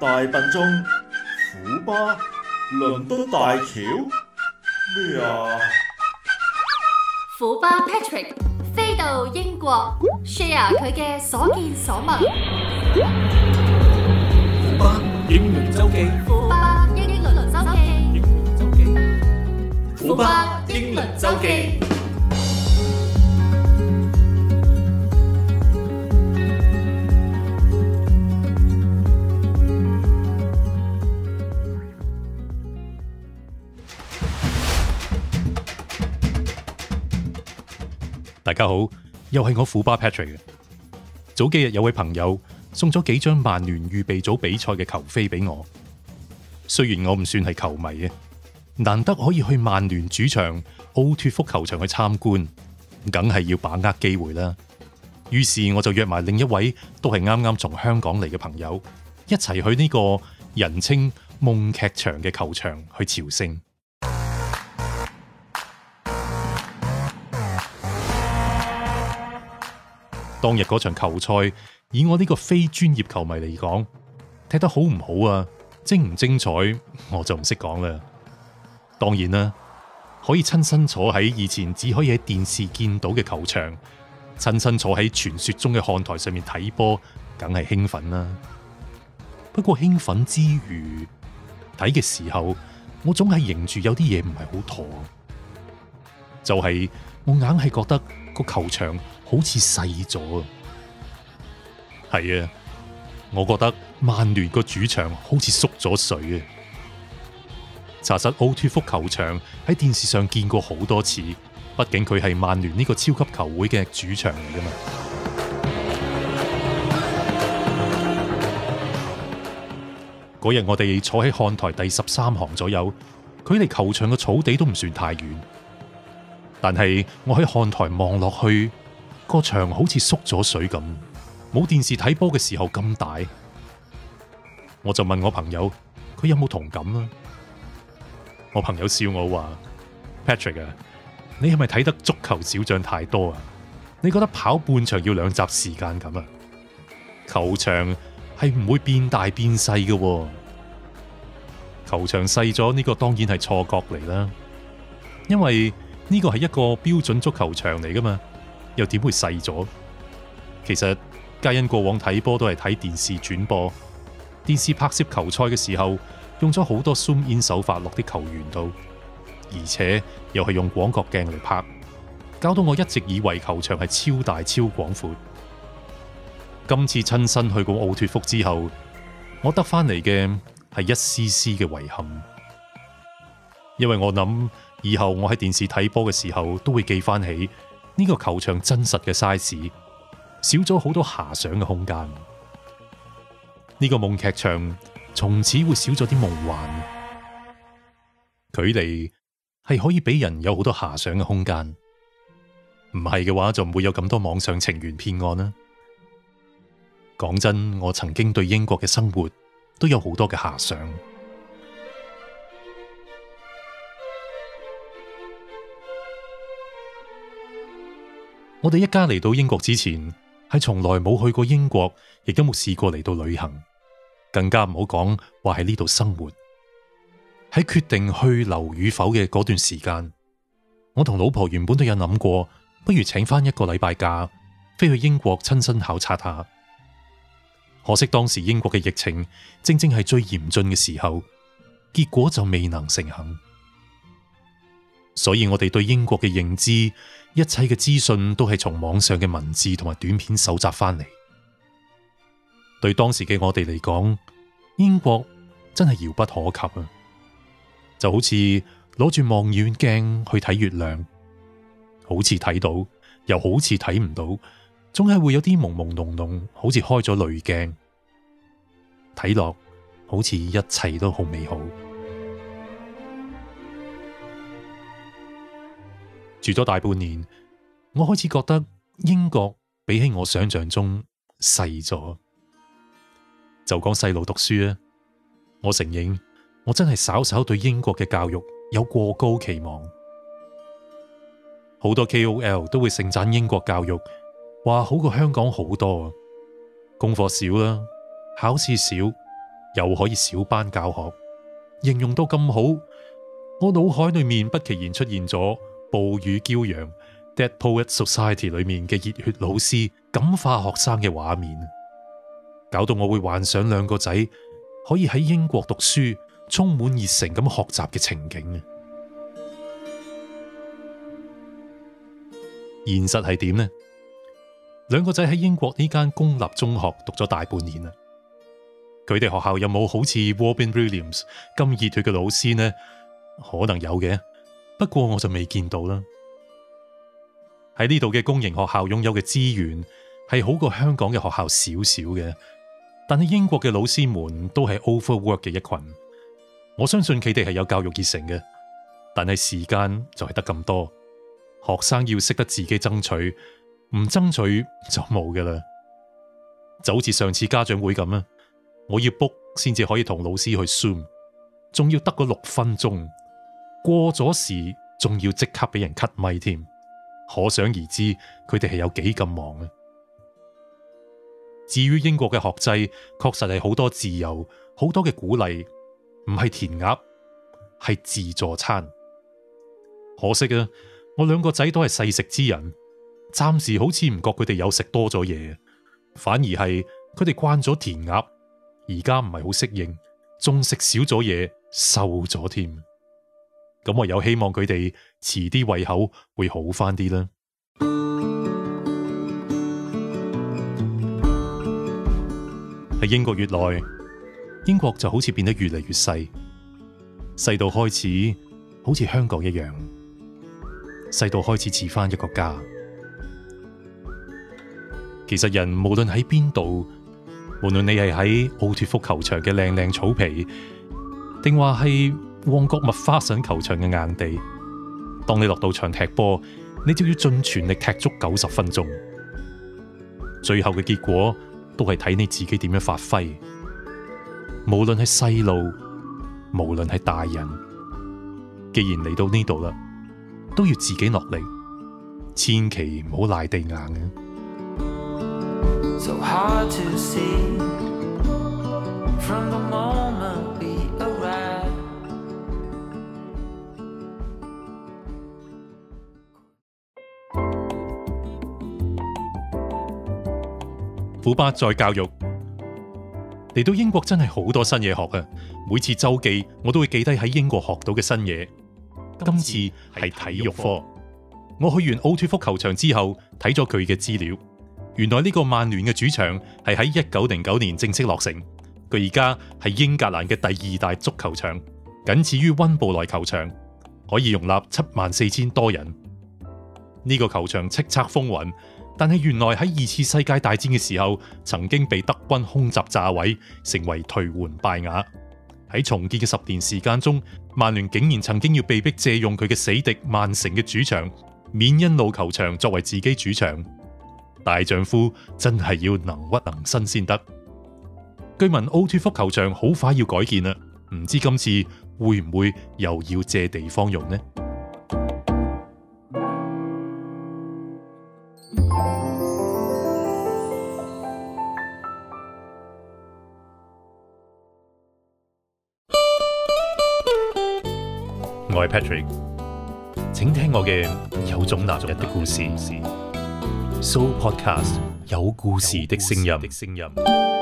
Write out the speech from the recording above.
大笨鐘、虎巴、倫敦大橋，咩啊？虎巴 Patrick 飛到英國，share 佢嘅所見所聞。虎巴英倫周記，虎巴英倫倫周記，虎巴英倫周記。大家好，又係我虎巴 Patrick。早幾日有位朋友送咗幾張曼聯預備組比賽嘅球飛俾我，雖然我唔算係球迷啊，難得可以去曼聯主場奧脫福球場去參觀，梗係要把握機會啦。於是我就約埋另一位都係啱啱從香港嚟嘅朋友，一齊去呢個人稱夢劇場嘅球場去朝聖。當日嗰場球賽，以我呢個非專業球迷嚟講，踢得好唔好啊？精唔精彩，我就唔識講啦。當然啦，可以親身坐喺以前只可以喺電視見到嘅球場，親身坐喺傳說中嘅看台上面睇波，梗係興奮啦。不過興奮之餘，睇嘅時候，我總係認住有啲嘢唔係好妥，就係我硬係覺得個球場。好似細咗啊，係啊！我覺得曼聯個主場好似縮咗水啊！查實奧脫福球場喺電視上見過好多次，畢竟佢係曼聯呢個超級球會嘅主場嚟噶嘛。嗰日 我哋坐喺看台第十三行左右，距離球場嘅草地都唔算太遠，但係我喺看台望落去。個場好似縮咗水咁，冇電視睇波嘅時候咁大。我就問我朋友，佢有冇同感啊？我朋友笑我話：Patrick 啊，你係咪睇得足球小將太多啊？你覺得跑半場要兩集時間咁啊？球場係唔會變大變細嘅，球場細咗呢個當然係錯覺嚟啦。因為呢個係一個標準足球場嚟噶嘛。又點會細咗？其實皆因過往睇波都係睇電視轉播，電視拍攝球賽嘅時候用咗好多 zoom in 手法落啲球員度，而且又係用廣角鏡嚟拍，搞到我一直以為球場係超大超廣闊。今次親身去過奧脫福之後，我得翻嚟嘅係一絲絲嘅遺憾，因為我諗以後我喺電視睇波嘅時候都會記翻起，呢個球場真實嘅 size 少咗好多遐想嘅空間，呢個夢劇場從此會少咗啲夢幻。距離係可以俾人有好多遐想嘅空間，唔係嘅話就唔會有咁多網上情緣騙案啦。講真，我曾經對英國嘅生活都有好多嘅遐想。我哋一家嚟到英國之前，係從來冇去過英國，亦都冇試過嚟到旅行，更加唔好講話喺呢度生活。喺決定去留與否嘅嗰段時間，我同老婆原本都有諗過，不如請返一個禮拜假，飛去英國親身考察下。可惜當時英國嘅疫情正正係最嚴峻嘅時候，結果就未能成行。所以我哋對英國嘅認知，一切嘅資訊都係從網上嘅文字同埋短片搜集翻嚟。對當時嘅我哋嚟講，英國真係遙不可及啊！就好似攞住望遠鏡去睇月亮，好似睇到，又好似睇唔到，總係會有啲朦朦朧朧，好似開咗濾鏡，睇落好似一切都好美好。住咗大半年，我開始覺得英國比起我想象中細咗。就講細路讀書啊，我承認我真係稍稍對英國嘅教育有過高期望。好多 KOL 都會盛讚英國教育，話好過香港好多，功課少啦，考試少，又可以小班教學，形容到咁好，我腦海裏面不其然出現咗。暴雨驕陽，Dead Poets Society 裏面嘅熱血老師感化學生嘅畫面，搞到我會幻想兩個仔可以喺英國讀書，充滿熱誠咁學習嘅情景啊！現實係點呢？兩個仔喺英國呢間公立中學讀咗大半年啦，佢哋學校有冇好似 Robin Williams 咁熱血嘅老師呢？可能有嘅。不過我就未見到啦。喺呢度嘅公營學校擁有嘅資源係好過香港嘅學校少少嘅，但係英國嘅老師們都係 overwork 嘅一群。我相信佢哋係有教育熱誠嘅，但係時間就係得咁多。學生要識得自己爭取，唔爭取就冇㗎喇。就好似上次家長會咁啊，我要 book 先至可以同老師去 zoom，仲要得個六分鐘。過咗時，仲要即刻俾人 cut 咪添，可想而知佢哋係有幾咁忙啊。至於英國嘅學制，確實係好多自由，好多嘅鼓勵，唔係填鴨，係自助餐。可惜啊，我兩個仔都係細食之人，暫時好似唔覺佢哋有食多咗嘢，反而係佢哋慣咗填鴨，而家唔係好適應，仲食少咗嘢，瘦咗添。咁唯有希望佢哋遲啲胃口會好翻啲啦。喺英國越來，英國就好似變得越嚟越細，細到開始好似香港一樣，細到開始似翻一個家。其實人無論喺邊度，無論你係喺奧脫福球場嘅靚靚草皮，定話係。旺角麥花臣球場嘅硬地，當你落到場踢波，你就要盡全力踢足九十分鐘。最後嘅結果都係睇你自己點樣發揮。無論係細路，無論係大人，既然嚟到呢度啦，都要自己落嚟，千祈唔好賴地硬嘅，啊。So 虎巴再教育嚟到英國真係好多新嘢學啊！每次周記我都會記低喺英國學到嘅新嘢。今次係體育科，我去完奧脱福球場之後睇咗佢嘅資料，原來呢個曼聯嘅主場係喺一九零九年正式落成，佢而家係英格蘭嘅第二大足球場，僅次於溫布萊球場，可以容納七萬四千多人。呢、這個球場叱咤風雲。但係原來喺二次世界大戰嘅時候，曾經被德軍空襲炸毀，成為頹垣敗瓦。喺重建嘅十年時間中，曼聯竟然曾經要被迫借用佢嘅死敵曼城嘅主場緬因路球場作為自己主場。大丈夫真係要能屈能伸先得。據聞奧脫福球場好快要改建啦，唔知今次會唔會又要借地方用呢？我係 Patrick，請聽我嘅有種男人的故事。So Podcast 有故事的聲音。